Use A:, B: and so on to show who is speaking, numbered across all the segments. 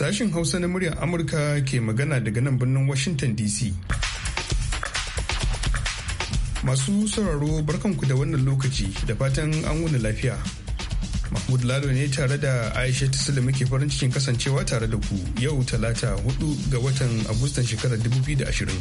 A: Sashin Hausa na muryar Amurka ke magana daga nan birnin Washington DC. Masu sauraro barkanku da wannan lokaci da fatan an wuni lafiya. Mahmud Lalo ne tare da Aisha Tisila muke farin cikin kasancewa tare da ku yau talata hudu ga watan Agustan shekarar 2020.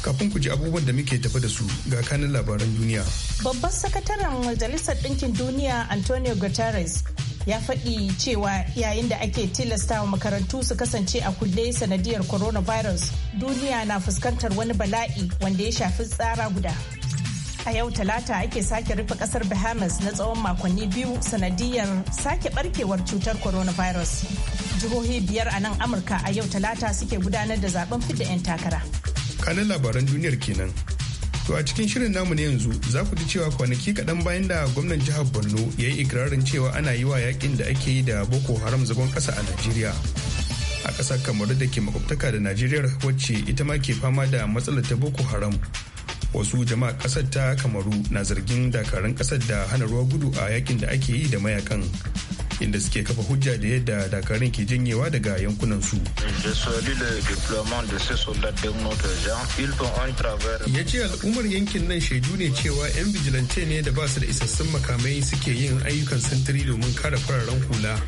A: Kafin ku ji abubuwan da muke tafi da su ga kanin labaran duniya.
B: Babban sakataren Majalisar Dinkin Duniya Antonio Guterres ya faɗi cewa yayin da ake tilastawa makarantu su kasance a kulle sanadiyar coronavirus duniya na fuskantar wani bala'i wanda ya shafi tsara guda a yau talata ake sake rufe kasar bahamas na tsawon makonni biyu sanadiyar sake barkewar cutar coronavirus jihohi biyar a nan amurka a yau talata suke gudanar da zaben fidda 'yan takara
A: kanin labaran duniyar kenan To a cikin shirin namu na yanzu za ku ji cewa kwanaki kaɗan bayan da gwamnan jihar Borno ya yi ikirarin cewa ana yi wa yakin da ake yi da Boko Haram zagon ƙasa a Najeriya. A ƙasar Kamaru da ke makwabtaka da Najeriya wacce ita ma ke fama da matsalar ta Boko Haram. Wasu jama'a ƙasar ta Kamaru na zargin dakarun ƙasar da hana ruwa gudu a yakin da ake yi da mayakan. inda suke kafa hujja da yadda dakarun ke janyewa daga yankunan su. Ya ce al'ummar yankin nan shaidu ne cewa 'yan bijilance ne da ba su da isassun makamai suke yin ayyukan sintiri domin kare fararen hula.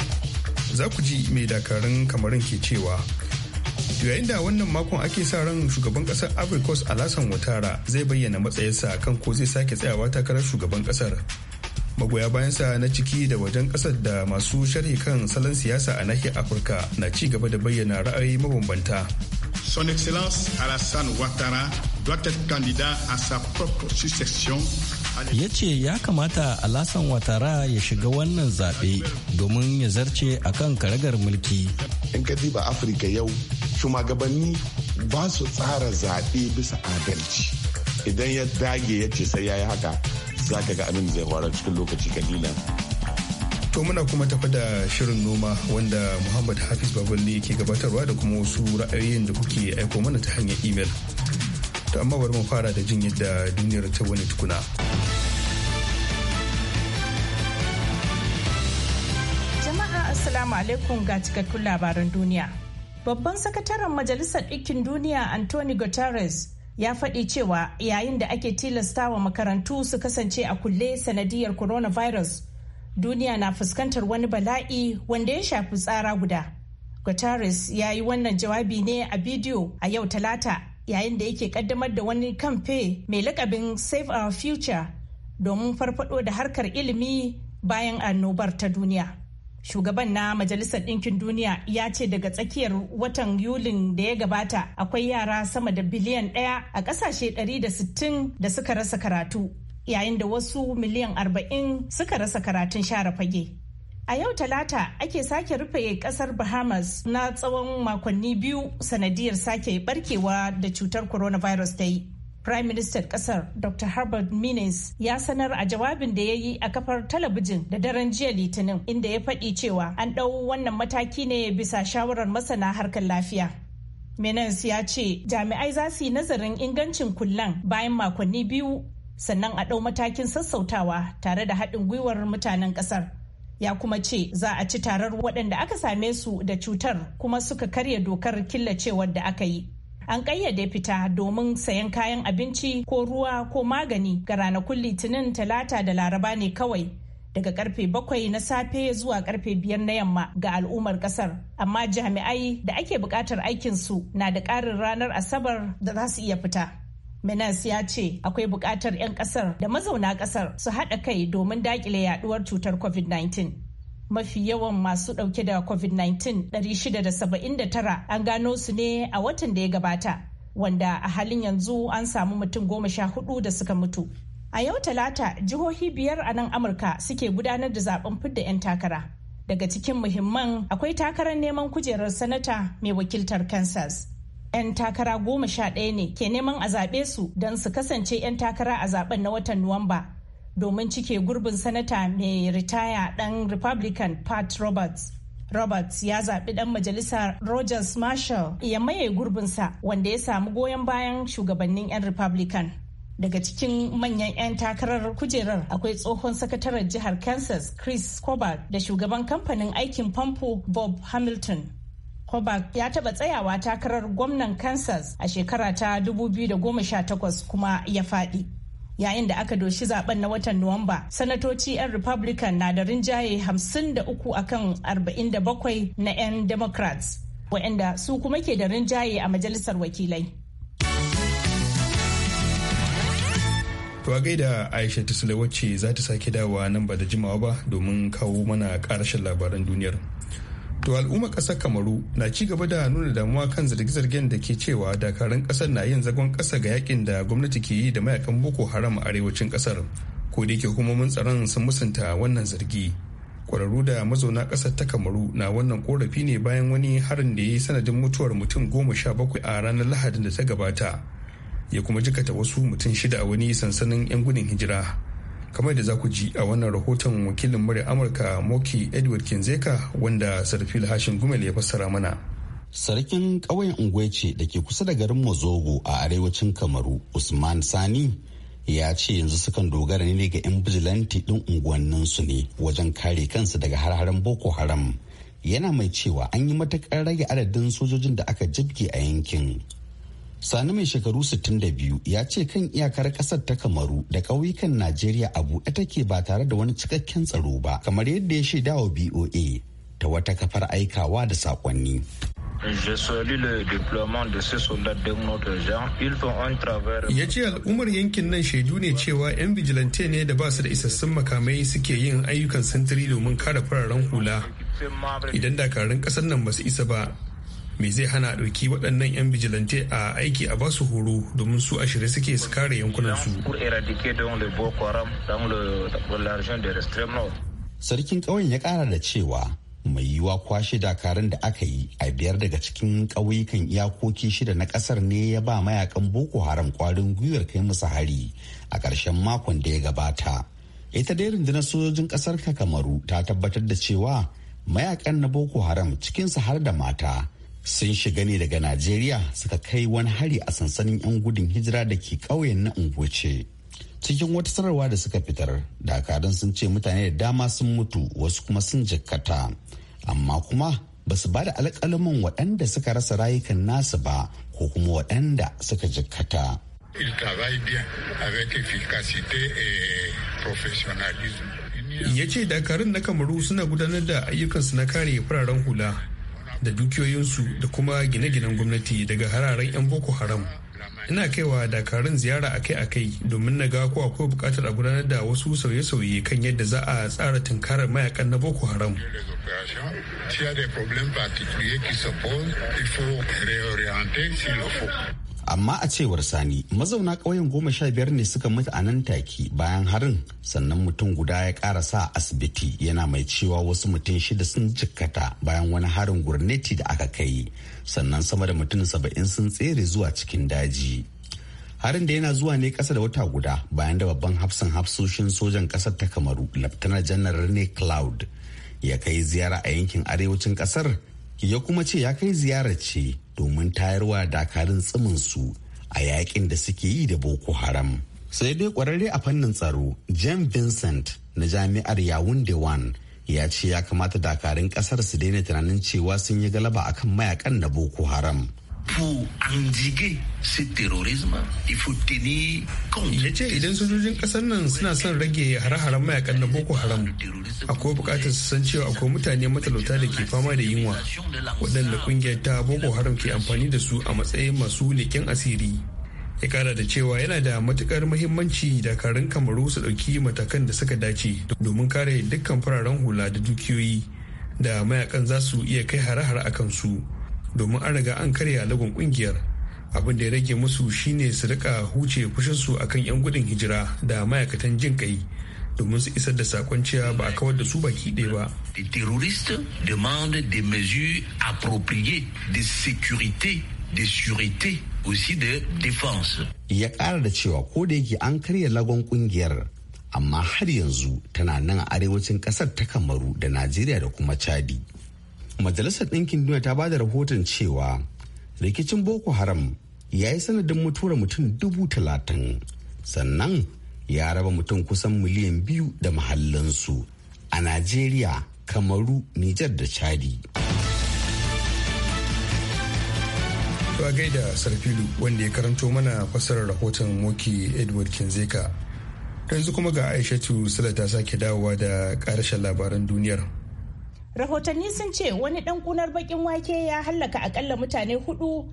A: Za ku ji mai dakarun kamarin ke cewa. yayin da wannan makon ake sa ran shugaban kasar Coast Alasan Watara zai bayyana matsayinsa kan ko zai sake tsayawa takarar shugaban kasar. magoya bayansa na ciki da wajen kasar da masu sharhi kan salon siyasa a nahiyar afirka na ci gaba da bayyana ra'ayi mabambanta son excellence alassane ouattara doit être candidat à sa propre succession
C: ya ce ya kamata alasan watara ya shiga wannan zaɓe domin ya zarce a kan karagar mulki
D: in ka ba afirka yau shugabanni ba su tsara zaɓe bisa adalci idan ya dage ya ce sai ya yi haka za ka ga abin zai faru cikin lokaci kalilan.
A: To muna kuma tafa da shirin noma wanda Muhammad Hafiz Baballe ke gabatarwa da kuma wasu ra'ayoyin da kuke aiko mana ta hanyar imel. To amma bari mu fara da jin yadda duniyar ta wani tukuna.
B: Jama'a Assalamu alaikum ga cikakkun labaran duniya. Babban sakataren Majalisar Ɗinkin Duniya Anthony Guterres ya faɗi cewa yayin da ake tilastawa makarantu su kasance a kulle sanadiyar coronavirus duniya na fuskantar wani bala'i wanda ya shafi tsara guda guterres ya yi wannan jawabi ne a bidiyo a yau talata yayin da yake kaddamar da wani kamfe mai lakabin save our future domin farfado da harkar ilimi bayan annobar ta duniya shugaban na majalisar ɗinkin duniya ya ce daga tsakiyar watan yulin da ya gabata akwai yara sama da biliyan ɗaya a ƙasashe 160 da suka rasa karatu yayin da wasu miliyan 40 suka rasa karatun share fage A yau Talata ake sake rufe kasar Bahamas na tsawon makonni biyu sanadiyar sake barkewa da cutar coronavirus ta yi. Prime Minister kasar Dr. Herbert Minnis ya sanar a jawabin da ya yi a kafar talabijin da daren jiya Litinin inda ya faɗi cewa an ɗau wannan mataki ne bisa shawarar masana harkar lafiya. Menes ya ce jami'ai za su yi nazarin ingancin kullan bayan makonni biyu sannan a ɗau matakin sassautawa tare da haɗin gwiwar mutanen ƙasar. Ya kuma ce za a ci tarar waɗanda aka same su da cutar kuma suka karya dokar killacewar da aka yi. an ƙayyade fita domin sayan kayan abinci ko ruwa ko magani ga ranakun litinin talata da laraba ne kawai daga karfe bakwai na safe zuwa karfe biyar na yamma ga al'ummar kasar amma jami'ai da ake buƙatar aikinsu na da ƙarin ranar asabar da za su iya fita Menas ya ce akwai buƙatar 'yan ƙasar da mazauna ƙasar su haɗa kai domin daƙile yaɗuwar cutar COVID-19. mafi yawan masu dauke da covid-19 679 an gano su ne a watan da ya gabata wanda a halin yanzu an samu mutum goma sha hudu da suka mutu a yau talata jihohi biyar a nan amurka suke gudanar da zaben fidda 'yan takara daga cikin muhimman akwai takarar neman kujerar sanata mai wakiltar kansas 'yan takara goma sha ɗaya ne ke neman a zaɓe su don su kasance 'yan takara a zaben na watan nuwamba domin cike gurbin sanata mai ritaya ɗan republican pat roberts Roberts ya zaɓi ɗan majalisa Rogers Marshall ya maye gurbinsa wanda ya samu goyon bayan shugabannin 'yan Republican. Daga cikin manyan 'yan takarar kujerar akwai tsohon sakataren jihar Kansas Chris Kobach da shugaban kamfanin aikin famfo Bob Hamilton. Kobach ya taɓa tsayawa takarar gwamnan Kansas a shekara ta 2018 kuma ya faɗi. yayin da aka doshi zaben na watan nuwamba sanatoci 'yan republican na da rinjaye 53 akan 47 na 'yan democrats waɗanda su kuma ke da rinjaye a majalisar wakilai
A: To a Aisha ta wacce za ta sake dawa nan ba da jimawa ba domin kawo mana ƙarashin labaran duniyar. to al'ummar ƙasar kamaru na ci gaba da nuna damuwa kan zarge-zargen da ke cewa dakarun ƙasar na yin zagon ƙasa ga yakin da gwamnati ke yi da mayakan boko haram a arewacin ƙasar ko da yake hukumomin tsaron sun musanta wannan zargi kwararru da mazauna ƙasar ta kamaru na wannan korafi ne bayan wani harin da ya yi sanadin mutuwar mutum goma sha bakwai a ranar lahadin da ta gabata ya kuma jikata wasu mutum shida a wani sansanin 'yan gudun hijira kamar da za ku ji a wannan rahoton wakilin murya amurka moki edward kinzeka wanda sarfil hashin gumel
D: ya fassara mana sarkin ƙauyen ungwece da ke kusa da garin mazogo a arewacin kamaru usman sani ya ce yanzu sukan dogara ne ga 'yan bijilanti ɗin su ne wajen kare kansu daga har-haren boko haram yana mai cewa an yi matakar rage adadin sojojin da aka jibge a yankin sani mai shekaru 62 ya ce kan iyakar kasar ta kamaru da ƙauyukan najeriya a buɗe take ba tare da wani cikakken tsaro ba kamar yadda ya shaida wa boa ta wata kafar aikawa da
C: sakonni. Je salue le déploiement de ces soldats de notre genre. Ils font Ya ce
A: al'ummar yankin nan shaidu ne cewa 'yan bijilante ne da ba su da isassun makamai suke yin ayyukan sintiri domin kare fararen hula. Idan dakarun ƙasar nan ba su isa ba, me zai hana ɗauki waɗannan 'yan bijilante a aiki a basu horo
D: domin su ashirin suke su kare yankunansu. Sarkin ƙauyen ya ƙara da cewa mai yiwuwa kwashe dakarun da aka yi a biyar daga cikin ƙauyukan iyakoki shida na ƙasar ne ya ba mayakan Boko Haram kwarin gwiwar kai musu hari a ƙarshen makon da ya gabata. Ita dai rundunar sojojin ƙasar ta Kamaru ta tabbatar da cewa mayakan na Boko Haram cikinsu har da mata sun shiga ne daga najeriya suka kai wani hari a sansanin 'yan gudun hijira da ke ƙauyen na unguwace cikin wata sanarwa da suka fitar dakarun sun ce mutane da dama sun mutu wasu kuma sun jikkata amma kuma ba su ba da alƙalamin waɗanda suka rasa rayukan nasu ba ko kuma waɗanda suka jikkata
A: ya ce dakarun na kamaru suna gudanar da ayyukansu na kare fararen hula da dukiyoyinsu da kuma gine-ginen gwamnati daga hararen 'yan boko haram ina kaiwa dakarun ziyara akai-akai domin na ga ko akwai bukatar a gudanar da wasu sauye-sauye kan yadda za a tsara tunkarar mayakan na boko haram
D: amma a cewar sani mazauna ƙauyen goma sha biyar ne suka mutu a nan take bayan harin sannan mutum guda ya karasa a asibiti yana mai cewa wasu mutum shida sun jikkata bayan wani harin gurneti da aka kai sannan sama da mutum saba'in sun tsere zuwa cikin daji harin da yana zuwa ne kasa da wata guda bayan da babban hafsan hafsoshin sojan kasar ta kamaru laftanar janar ne cloud ya kai ziyara a yankin arewacin kasar ya kuma ce ya kai ziyara ce domin tayarwa dakarun su a yakin da suke yi da boko haram sai dai kwararre a fannin tsaro jan vincent na jami'ar yawun dewan ya ce ya kamata dakarun kasar su daina tunanin cewa sun yi galaba akan mayakan na boko haram pour endiguer ce terrorisme
A: il faut tenir compte ya ce idan sojojin kasar nan suna son rage hare-haren mayakan na boko haram akwai bukatar su san cewa akwai mutane matalauta da ke fama da yunwa waɗanda ƙungiyar ta boko haram ke amfani da su a matsayin masu leƙen asiri ya kara da cewa yana da matukar muhimmanci dakarun kamaru su ɗauki matakan da suka dace domin kare dukkan fararen hula da dukiyoyi da mayakan za su iya kai hare-hare a kansu domin an riga an karya lagun kungiyar abin da ya rage musu shine su rika huce su akan 'yan gudun hijira da ma'aikatan jin kai domin su isar
C: da sakon cewa
A: ba a kawar da su baki ɗaya ba.
C: The terrorist demand des mesures appropriées de sécurité, de sûreté, aussi de défense.
D: Ya ƙara da cewa ko da yake an karya lagon kungiyar amma har yanzu tana nan a arewacin ƙasar ta Kamaru da Najeriya da kuma Chadi. majalisar ɗinkin duniya ta bada rahoton cewa rikicin boko haram ya yi sanadin mutuwar mutum dubu talatin sannan ya raba mutum kusan miliyan biyu da mahallansu a najeriya kamaru nijar da chadi Ba gaida sarfilu wanda ya karanto mana
A: fasarar rahoton moki edward kinzeka yanzu kuma ga aishatu sila ta sake dawowa da karashen labaran duniyar
B: rahotanni sun ce wani dan kunar bakin wake ya hallaka akalla mutane hudu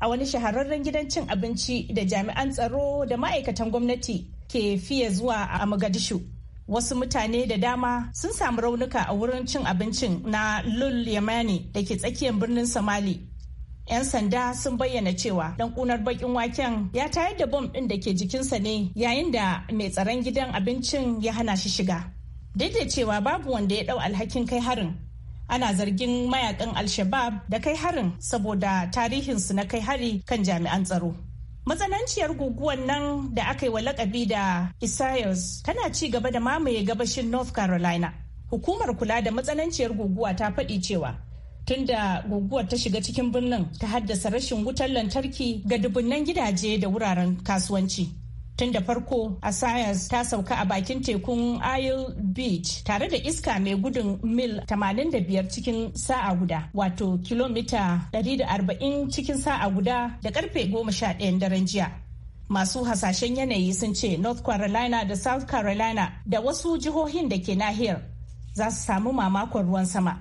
B: a wani shahararren gidan cin abinci da jami'an tsaro da ma'aikatan gwamnati ke fiye zuwa a Mogadishu. Wasu mutane da dama sun samu raunuka a wurin cin abincin na Lul Yamani da ke tsakiyar birnin Somali. 'Yan sanda sun bayyana cewa dan kunar bakin waken ya tayar da bom ɗin da ke jikinsa ne yayin da mai tsaron gidan abincin ya hana shi shiga. Duk da cewa babu wanda ya ɗau alhakin kai harin, ana zargin mayakan al-shabab da kai harin saboda tarihinsu na kai hari kan jami'an tsaro matsananciyar guguwar nan da aka yi wa lakabi da isaias tana ci gaba da mamaye gabashin north carolina hukumar kula da matsananciyar guguwa ta faɗi cewa tunda guguwar ta shiga cikin birnin ta haddasa rashin wutar lantarki ga dubunnan gidaje da wuraren kasuwanci tun da farko science ta sauka a bakin tekun Isle Beach tare da iska mai gudun mil 85 cikin sa'a guda wato kilomita 140 cikin sa'a guda da karfe 11 daren jiya. masu hasashen yanayi sun ce north carolina da south carolina da wasu jihohin da ke nahiyar za su samu mamakon ruwan sama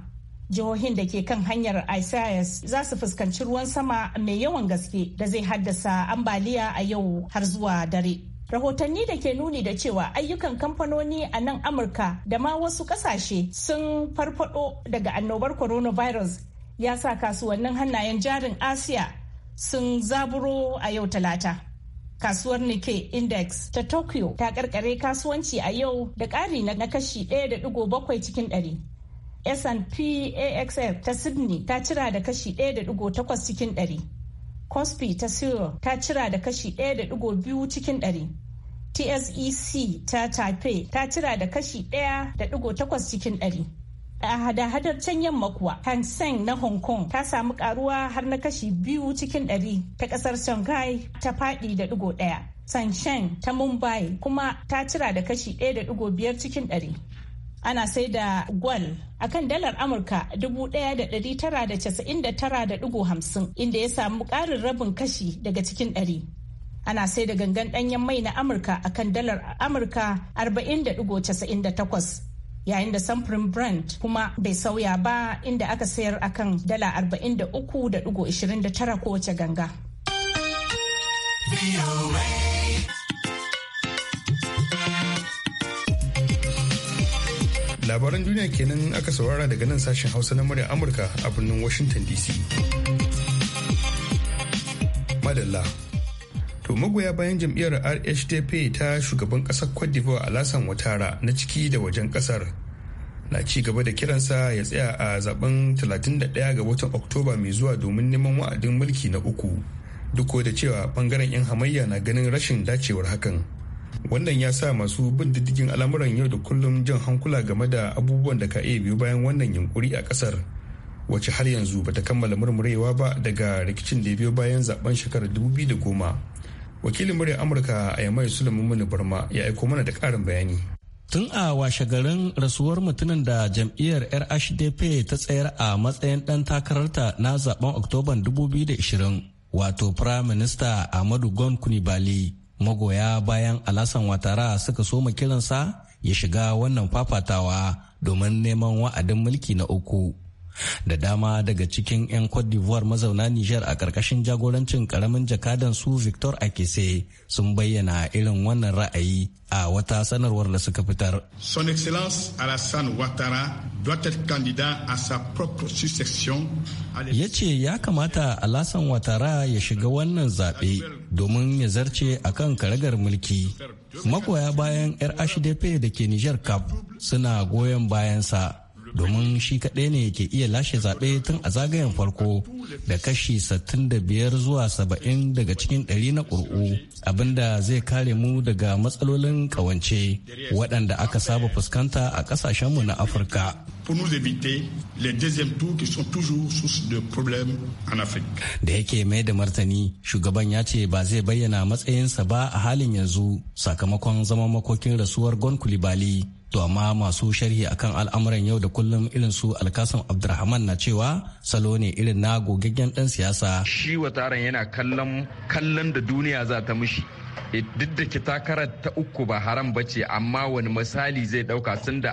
B: jihohin da ke kan hanyar isaias za su fuskanci ruwan sama mai yawan gaske da zai haddasa ambaliya a yau har zuwa dare rahotanni da ke nuni da cewa ayyukan kamfanoni a nan amurka da ma wasu kasashe sun farfado daga annobar coronavirus ya sa kasuwannin hannayen jarin asiya sun zaburo a yau talata kasuwar nike Index ta Tokyo ta karkare kasuwanci a yau da ƙari na kashi 1.7 cikin 100. S&P AXF ta Sydney ta cira da kashi 1.8 cikin ɗari. cosby ta syria ta cira da kashi 1.2 cikin 100 tsec ta taipei ta cira da kashi 1.8 cikin 100 a hada-hadar can yamma kuwa hang seng na hong kong ta samu karuwa har na kashi biyu cikin ɗari ta kasar shanghai ta faɗi da ɗigo ɗaya sanshen ta mumbai kuma ta cira da kashi ɗaya da ɗigo biyar cikin ɗari ana sai da gwal a kan dalar amurka 1999.50 inda ya samu ƙarin rabin kashi daga cikin ɗari. ana sai da gangan ɗanyen mai na amurka a kan dalar amurka 40.98 yayin da samfurin brand kuma bai sauya ba inda aka sayar akan dala 43.29 kowace ganga.
A: labaran duniya kenan aka saurara daga nan sashen hausa na murya amurka a birnin washington dc madalla to magoya bayan jam'iyyar rsdp ta shugaban kasar cote d'ivoire alasan watara na ciki da wajen kasar na ci gaba da kiransa ya tsaya a zaben 31 ga watan oktoba mai zuwa domin neman wa'adin mulki na uku duk da cewa bangaren 'yan hamayya na ganin rashin dacewar hakan wannan ya sa masu bin diddigin al'amuran yau da kullum jan hankula game da abubuwan da ka iya biyu bayan wannan yunkuri a kasar wacce har yanzu bata kammala murmurewa ba daga rikicin da ya biyo bayan zaben shekarar 2010 wakilin
C: muryar amurka a yamai sulaiman mini barma ya aiko mana da karin bayani tun a washe garin rasuwar mutumin da jam'iyyar rhdp ta tsayar a matsayin dan takararta na zaben oktoban 2020 wato prime minister ahmadu gon kunibali magoya bayan alasan watara suka soma kiransa ya shiga wannan fafatawa domin neman wa'adin mulki na uku da dama daga cikin 'yan Cote d'Ivoire mazauna Nijar a ƙarƙashin jagorancin ƙaramin jakadan su Victor Akese sun bayyana irin wannan ra'ayi a wata sanarwar da suka fitar.
A: Son Excellence Alassane Ouattara doit être candidat sa propre succession.
C: Ya ce ya kamata Alassane Ouattara ya shiga wannan zaɓe domin ya zarce a kan karagar mulki. Magoya bayan 'yar HDP da ke Nijar Cup suna goyon bayansa. domin shi kaɗai ne ke iya lashe zaɓe tun a zagayen farko da kashi 65 zuwa 70 daga cikin 100 na ƙuri'u abinda zai kare mu daga matsalolin ƙawance waɗanda aka saba fuskanta a ƙasashenmu na afirka pour nous éviter les deuxièmes tours qui sont toujours source de problèmes en Afrique. Da yake mai da martani, shugaban ya ce ba zai bayyana matsayinsa ba a halin yanzu sakamakon zaman makokin rasuwar Gon Kulibali. To amma masu sharhi akan al'amuran yau da kullum irin su alkasan Abdulrahman na cewa salo ne irin na gogaggen dan siyasa. Shi wataran yana kallon kallon da duniya za ta mishi. E, duk da takarar ta uku ba haram bace amma wani misali zai dauka sun da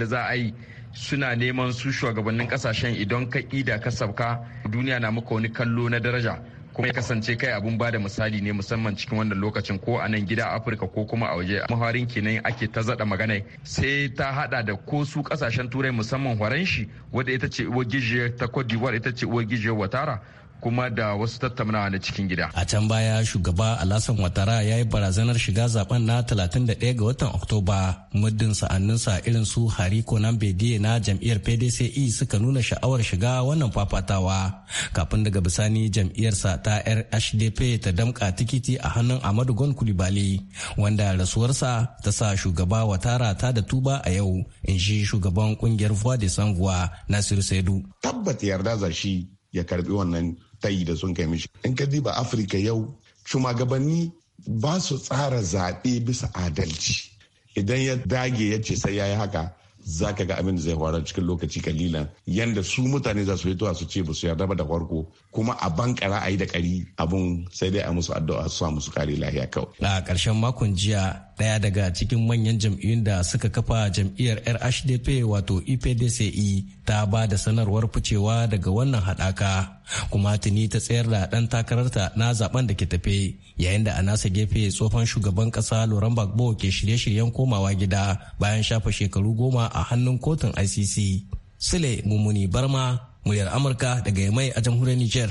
C: da za a yi suna neman su shugabannin kasashen idan ka ida ka sauka duniya na muka wani kallo na daraja kuma ya kasance kai abun ba da misali ne musamman cikin wannan lokacin ko a nan gida afirka ko kuma a waje maharin kenan ake ta zada magana sai ta hada da ko su kasashen turai musamman horon shi wadda ita ce uwar gijiyar ta cote d'ivoire ita ce uwar gijiyar watara kuma da wasu tattaunawa na cikin gida. A can baya shugaba alhassan Watara ya yi barazanar shiga zaben na 31 ga watan Oktoba muddin sa'anninsa irin su Hariko Bediye na jam'iyyar pdce suka nuna sha'awar shiga wannan fafatawa kafin daga bisani jam'iyyarsa ta RHDP ta damka tikiti a hannun Ahmadu Gon Kulibali wanda rasuwarsa ta sa shugaba Watara ta da tuba a yau in shi shugaban kungiyar Voix de Sanvoix Nasiru Saidu.
D: Tabbata yarda zashi ya karbi wannan tayi da sun kai mishi in ka diba afirka yau shugabanni ba su tsara zaɓe bisa adalci idan ya dage ya ce sai ya yi haka za ka ga abin da zai faru cikin lokaci kalilan yanda su mutane za su fitowa su ce ba su yarda ba da farko kuma a bankara a yi da kari abun sai dai a musu addu'a su sa musu kare lahiya
C: kawai. a ƙarshen makon jiya daya daga cikin manyan jam'iyyun da suka kafa jam'iyyar RHDP wato IPDCI e e, ta ba da sanarwar ficewa daga wannan haɗaka kuma tuni ta tsayar da ɗan takararta na zaben da ke tafe yayin da anasa gefe tsohon shugaban ƙasa Laurent Gbagbo ke shirye-shiryen komawa gida bayan shafa shekaru goma a hannun kotun ICC. Sule Mumuni Barma, muryar Amurka daga Yamai a jamhuriyar niger.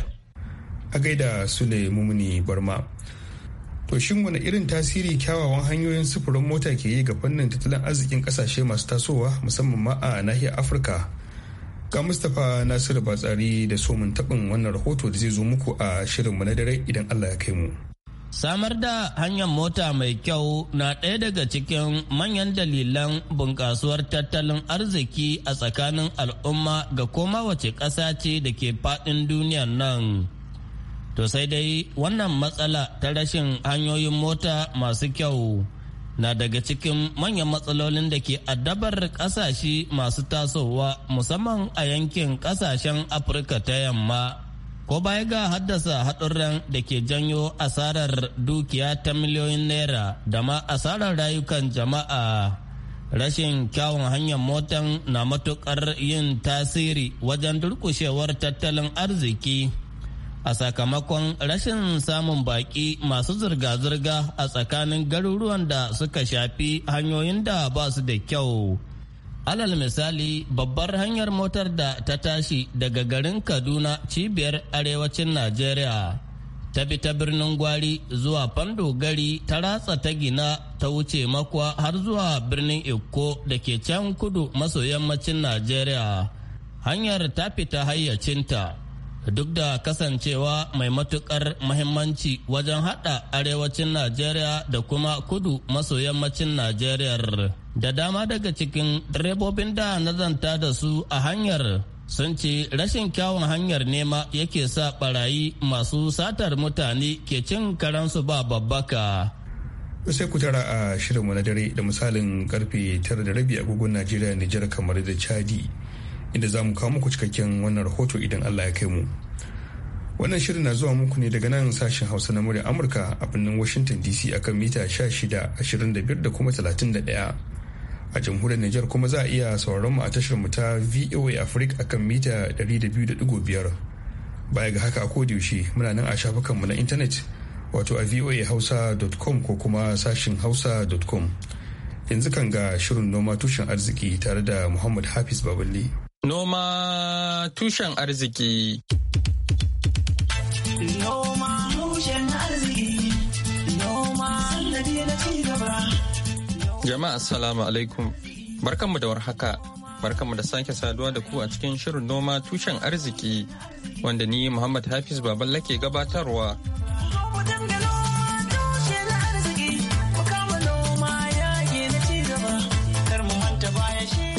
A: A gaida Sule Mumuni Barma. To shin wani irin tasiri kyawawan hanyoyin sufurin mota ke yi ga fannin tattalin arzikin kasashe masu tasowa musamman ma a nahiyar Afirka? Ga Mustapha Nasiru Batsari da somin taɓin wannan rahoto da zai zo muku a shirinmu na dare idan Allah ya kai mu.
E: Samar da hanyar mota mai kyau na ɗaya daga cikin manyan dalilan bunƙasuwar tattalin arziki a tsakanin al'umma ga koma wace ƙasa ce da ke faɗin duniyar nan. To sai dai wannan matsala ta rashin hanyoyin mota masu kyau na daga cikin manyan matsalolin da ke addabar kasashe masu tasowa musamman a yankin kasashen afirka ta yamma ko baya ga haddasa haɗurran da ke janyo asarar dukiya ta miliyoyin naira da ma asarar rayukan jama'a rashin kyawun hanyar motan na matuƙar yin tasiri wajen durƙushewar tattalin arziki a sakamakon rashin samun baki masu zirga-zirga a tsakanin garuruwan da suka shafi hanyoyin da ba su da kyau. Alal misali babbar hanyar motar da ta tashi daga garin Kaduna cibiyar arewacin Najeriya ta bi ta birnin Gwari zuwa Fando gari ta ratsa ta gina ta wuce makwa har zuwa birnin Eko da ke can kudu maso yammacin Najeriya. Hanyar ta fita hayyacinta duk da kasancewa mai matukar mahimmanci wajen hada arewacin najeriya da kuma kudu maso yammacin najeriya da dama daga cikin direbobin da nazanta da su a hanyar sun ce rashin kyawun hanyar nema yake sa barayi masu satar mutane ke cin karansu ba babbaka
A: sai ku tara a shirinmu na dare da misalin karfe 9 da rabi agogon najeriya nijar kamar da chadi inda za mu kawo muku cikakken wannan rahoto idan Allah ya kai mu. Wannan shirin na zuwa muku ne daga nan sashen Hausa na murya Amurka a birnin Washington DC akan mita 16, da kuma 31. A jamhuriyar Nijar kuma za a iya sauraron mu a tashar mu ta VOA Africa akan mita 200.5. Baya ga haka a kodiyaushe muna nan a shafukan mu na intanet wato a voahausa.com ko kuma sashin hausa.com. Yanzu kan ga shirin noma tushen arziki tare da Muhammad Hafiz Baballe.
F: Noma tushen arziki.
G: Noma tushen
F: Jama'a salamu alaikum. Barkanmu da warhaka. Barkanmu da sake saduwa da ku a cikin shirin noma tushen arziki wanda ni Muhammad Hafiz Baballa ke gabatarwa.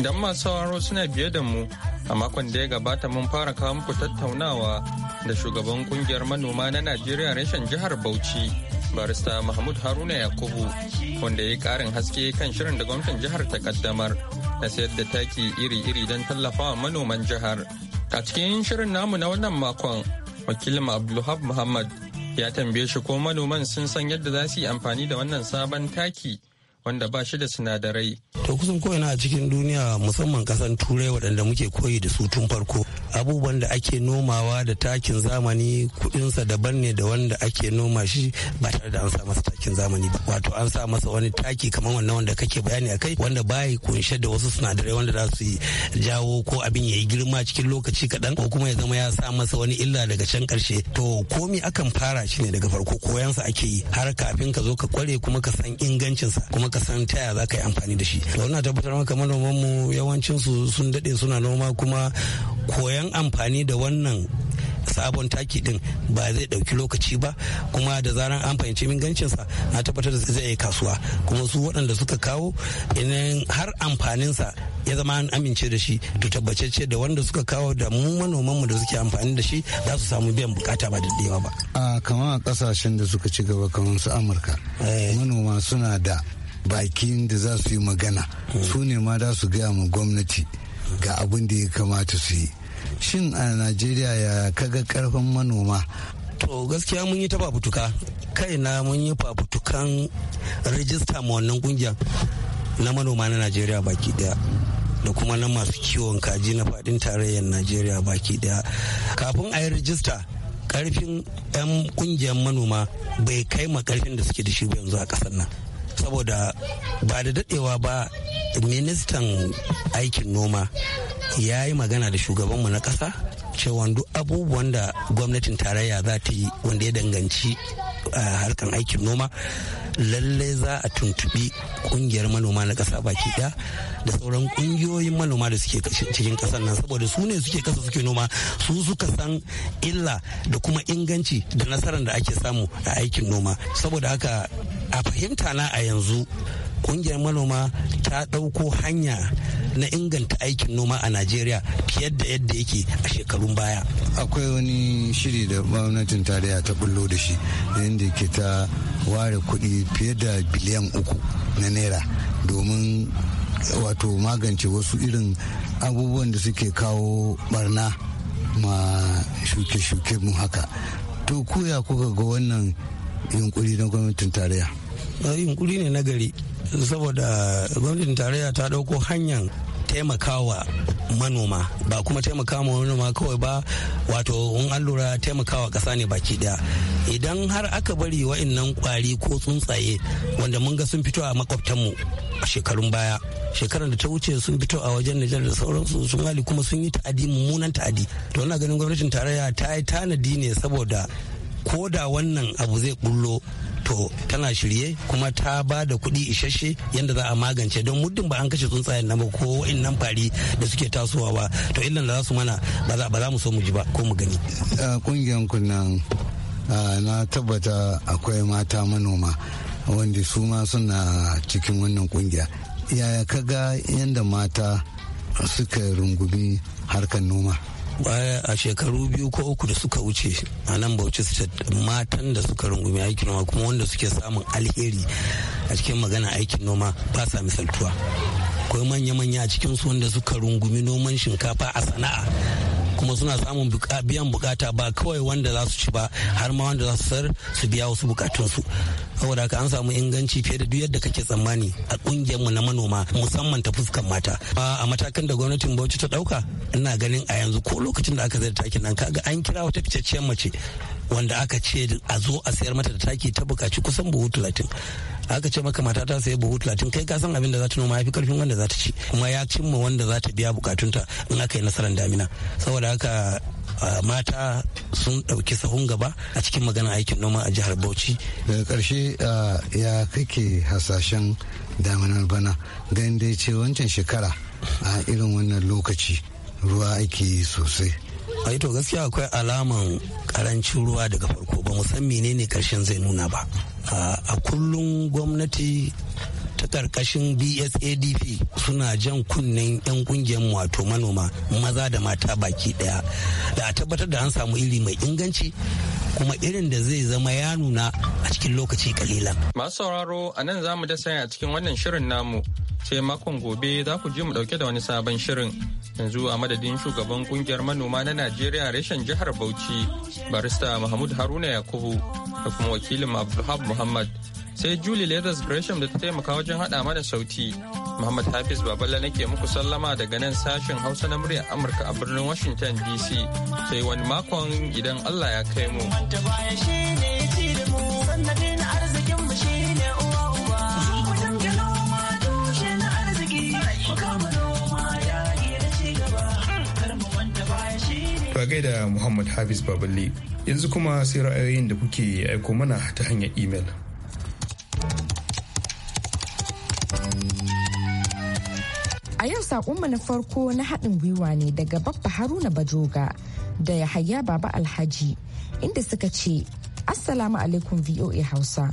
F: Idan masu sauraro suna biye da mu, a makon da ya gabata mun fara kawo muku tattaunawa da shugaban kungiyar manoma na Najeriya reshen jihar Bauchi, barista Mahmud Haruna Yakubu, wanda ya yi karin haske kan shirin da gwamnatin jihar ta kaddamar na sayar da taki iri-iri don tallafawa manoman jihar. A cikin shirin namu na wannan makon, wakilin Abdulhab Muhammad ya tambaye shi ko manoman sun san yadda za su yi amfani da wannan sabon taki wanda ba shi da sinadarai.
G: To kusan ko ina a cikin duniya musamman kasan turai waɗanda muke koyi da su tun farko. Abubuwan da ake nomawa da takin zamani kuɗinsa daban ne da wanda ake noma shi ba tare da an sa masa takin zamani ba. Wato an sa masa wani taki kamar wannan wanda kake bayani a kai wanda baya kunshe da wasu sinadarai wanda za su jawo ko abin ya yi girma cikin lokaci kaɗan ko kuma ya zama ya sa masa wani illa daga can ƙarshe. To komi akan fara shi ne daga farko koyansa ake yi har kafin ka zo ka kware kuma ka san ingancinsa kuma ka san ta yaya za ka yi amfani da shi ina tabbatar maka manoman mu yawancin su sun dade suna noma kuma koyan amfani da wannan sabon taki din ba zai dauki lokaci ba kuma da zaran an fahimci ingancinsa na tabbatar da zai yi kasuwa kuma su waɗanda suka kawo idan har amfanin sa ya zama an amince da shi to tabbatacce da wanda suka kawo da mu manoman mu da suke amfani da shi
H: za su samu biyan bukata ba da ba a kamar a kasashen da suka ci gaba kamar su amurka eh. manoma suna da bakin da za su yi magana su ne ma za su gaya ma gwamnati ga abin da ya kamata su yi shin a najeriya ya kaga karfin manoma to gaskiya mun yi ta fafutuka kaina mun yi fafutukan
G: rijista ma wannan kungiyar na manoma na najeriya baki daya da kuma na masu kiwon kaji na fadin tarayyar najeriya baki daya kafin a yi rijista karfin 'yan kungiyar manoma bai kai ma karfin da suke da shi yanzu a kasar nan saboda ba da dadewa ba ministan aikin noma ya yi magana da shugabanmu na ƙasa cewa duk abubuwan da gwamnatin tarayya za ta yi wanda ya danganci harkan aikin noma lallai za a tuntubi kungiyar manoma na ƙasa baki ɗaya da sauran ƙungiyoyin manoma da suke cikin ƙasar nan saboda su ne suke ƙasa suke noma su suka san illa da kuma inganci da nasarar da ake samu a aikin noma saboda haka a fahimta na a yanzu kungiyar manoma ta ɗauko hanya na inganta
H: aikin noma a najeriya fiye da yadda yake a shekarun baya akwai wani shiri da gwamnatin tarayya ta bullo da shi yadda ke ta ware kuɗi fiye da biliyan uku na naira domin wato magance wasu irin abubuwan da suke kawo barna ma shuke-shuke mu haka to kuya kuka ga wannan yunkuri na gwamnatin tarayya
G: yunkuri ne na gari saboda gwamnatin tarayya ta ɗauko hanyar taimakawa manoma ba kuma taimakawa manoma kawai ba wato in an lura taimakawa ƙasa ne baki daya idan har aka bari nan kwari ko tsuntsaye wanda mun ga sun fito a makwabtanmu a shekarun baya shekarar da ta wuce sun fito a wajen Nijar da sauransu sun hali kuma sun yi ta'adi mummunan ta'adi to ina ganin gwamnatin tarayya ta yi tanadi ne saboda ko da wannan abu zai bullo to tana shirye kuma ta ba da kuɗi isasshe yadda za a magance don muddin ba an kashe tsuntsayen nan ba ko nan fari da suke tasowa ba to illan da za su mana ba za mu so mu ji ba ko mu gani.
H: kungiyan kunnan na tabbata akwai mata manoma wanda su ma suna cikin wannan kungiya yaya ka ga yadda mata suka rungumi harkar noma baya a shekaru biyu ko uku
G: da suka wuce a nan bauchi matan da suka rungumi aikin noma kuma wanda suke samun alheri a cikin magana aikin noma ba sa misaltuwa akwai manya-manya a cikinsu wanda suka rungumi noman shinkafa a sana'a kuma suna samun biyan bukata ba kawai wanda za su ci ba har ma wanda za su sar su biya wasu bukatunsu saboda haka an samu inganci fiye da duk yadda kake tsammani a kungiyar mu na manoma musamman ta fuskan mata a matakan da gwamnatin Bauchi ta dauka ina ganin a yanzu ko lokacin da aka zai takin nan kaga an kira wata ficacciyar mace wanda aka ce a zo a sayar mata da taki ta bukaci kusan buhu talatin aka ce maka mata ta sayi buhu talatin kai kasan abin da za ta noma ya fi karfin wanda za ta ci kuma ya cimma wanda za ta biya bukatunta in aka yi nasarar damina saboda haka mata sun ɗauki sahun gaba a cikin magana aikin noma a jihar bauchi
H: daga ƙarshe ya kake hasashen daminar bana ganin ya ce wancan shekara a irin wannan lokaci ruwa ake sosai ai to gaskiya akwai
G: alaman karancin ruwa daga farko ba musamman san menene karshen zai nuna ba a kullum gwamnati ta karkashin bsadp suna jan kunnen 'yan kungiyar wato manoma maza da mata baki daya da a tabbatar da an samu iri mai inganci kuma irin da zai zama ya nuna a cikin lokaci kalila
F: masu sauraro a nan za mu da a cikin wannan shirin namu sai makon gobe za ku je mu dauke da wani sabon shirin yanzu a madadin shugaban kungiyar manoma na najeriya reshen jihar bauchi barista mahmud haruna yakubu da kuma wakilin abdulhab muhammad sai Julie Leathers Gresham da ta taimaka wajen haɗa mana sauti. Muhammad Hafiz Baballa nake muku sallama daga nan sashen Hausa na muryar Amurka a birnin Washington DC. Sai wani makon idan Allah ya kai mu.
A: Bagai da Muhammad Hafiz Baballe yanzu kuma sai ra'ayoyin da kuke aiko mana ta hanyar imel.
I: saƙonmu na farko na haɗin gwiwa ne daga babba haruna bajoga da yahaya baba alhaji inda suka ce assalamu alaikum voa hausa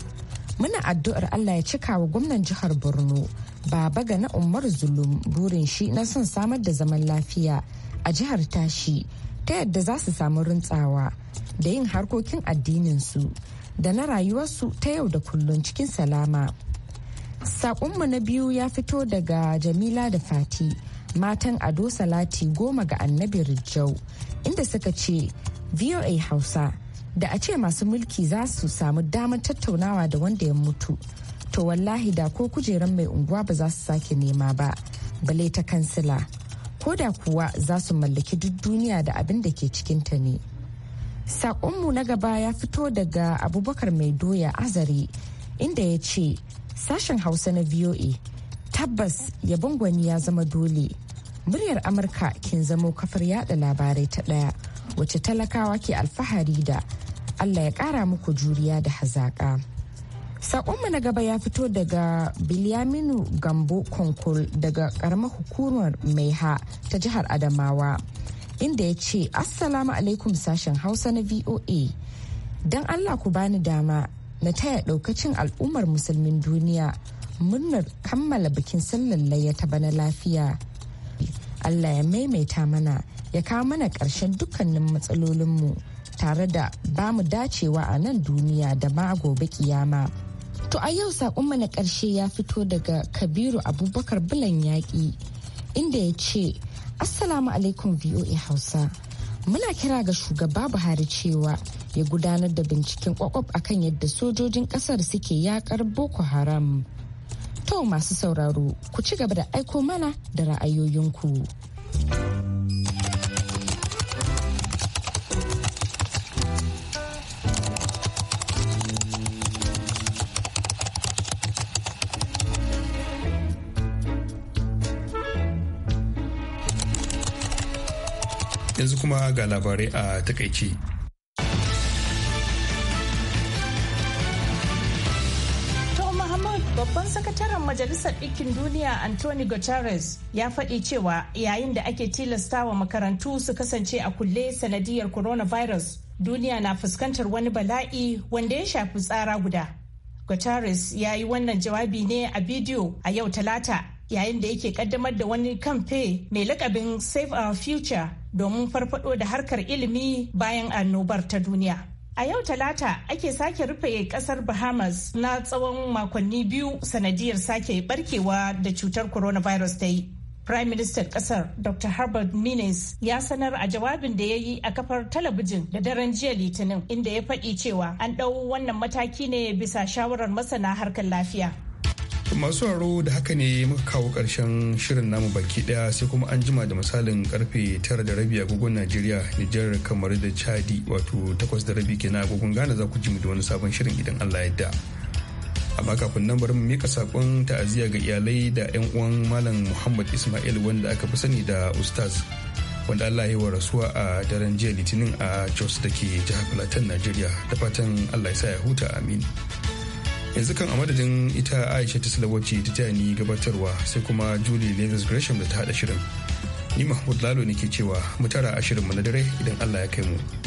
I: muna addu'ar allah ya cika wa gwamnan jihar borno baba ga na umar zulum burin shi na son samar da zaman lafiya a jihar tashi ta yadda za su samu rintsawa da yin harkokin addininsu da na rayuwarsu ta yau da kullum cikin salama Saƙonmu na biyu ya fito daga Jamila da Fati, matan Ado Salati goma ga annabi Rijau, inda suka ce VOA Hausa da a ce masu mulki za su samu damar tattaunawa da wanda ya mutu. To wallahi da ko kujeran mai unguwa ba za su sake nema ba, bale ta kansila. Ko da kuwa za su mallaki duk duniya da abin da ke cikinta ne. Saƙonmu na gaba ya fito daga abubakar mai doya azare inda ya ce Sashen Hausa na VOA tabbas yabon gwani ya zama dole. Muryar Amurka kin zamo kafar yada labarai ta ɗaya wacce talakawa ke alfahari da Allah ya ƙara muku juriya da hazaƙa. saƙonmu na gaba ya fito daga Bilyaminu Gambo Konkol daga ƙaramar hukumar mai ha ta jihar Adamawa. inda ya ce assalamu alaikum sashen hausa na voa don allah ku bani dama na taya daukacin al'ummar musulmin duniya murnar kammala bikin sallar layyata ta bana lafiya allah ya maimaita mana ya kawo mana ƙarshen dukkanin matsalolinmu tare da ba mu dacewa a nan duniya da ma gobe kiyama to a yau saƙonmu na ƙarshe ya fito daga kabiru abubakar bulan yaƙi inda ya ce assalamu alaikum voa hausa muna kira ga shugaba buhari cewa ya gudanar da binciken kwakwab akan yadda sojojin kasar suke yakar boko haram to masu sauraro ku ci gaba da aiko mana da ra'ayoyinku.
A: yanzu kuma ga labarai a takaice.
B: Babban sakataren Majalisar Ɗinkin Duniya Anthony Guterres ya faɗi cewa yayin da ake tilastawa makarantu su kasance a kulle sanadiyar coronavirus duniya na fuskantar wani bala'i wanda ya shafi tsara guda. Guterres ya yi wannan jawabi ne a bidiyo a yau talata yayin da yake kaddamar da wani kamfe mai lakabin Save Our Future domin farfado da harkar ilimi bayan annobar ta duniya. A yau Talata ake sake rufe kasar Bahamas na tsawon makonni biyu sanadiyar sake barkewa da cutar coronavirus ta yi. Prime Minister kasar Dr. Herbert Minis ya sanar a jawabin da ya yi a kafar talabijin da daren jiya Litinin inda ya faɗi cewa an ɗau wannan mataki ne bisa shawarar masana harkar lafiya.
A: masu haro da haka ne muka kawo karshen shirin namu baki daya sai kuma an jima da misalin karfe tara da rabi agogon najeriya nijar kamar da chadi wato 8 da rabi kenan agogon ghana za ku ji mu da wani sabon shirin idan allah yadda amma kafin nan bari mu mika sakon ta'aziyya ga iyalai da yan uwan malam muhammad ismail wanda aka fi sani da ustaz wanda allah ya wa rasuwa a daren jiya litinin a jos da ke jihar plateau najeriya da fatan allah ya sa ya huta amin yanzu kan a madadin ita aisha ta wacce ta taya ni gabatarwa sai kuma julie lewis gresham da ta hada shirin ni mahmud lalo ne ke cewa mu tara a shirinmu na dare idan allah ya kai mu.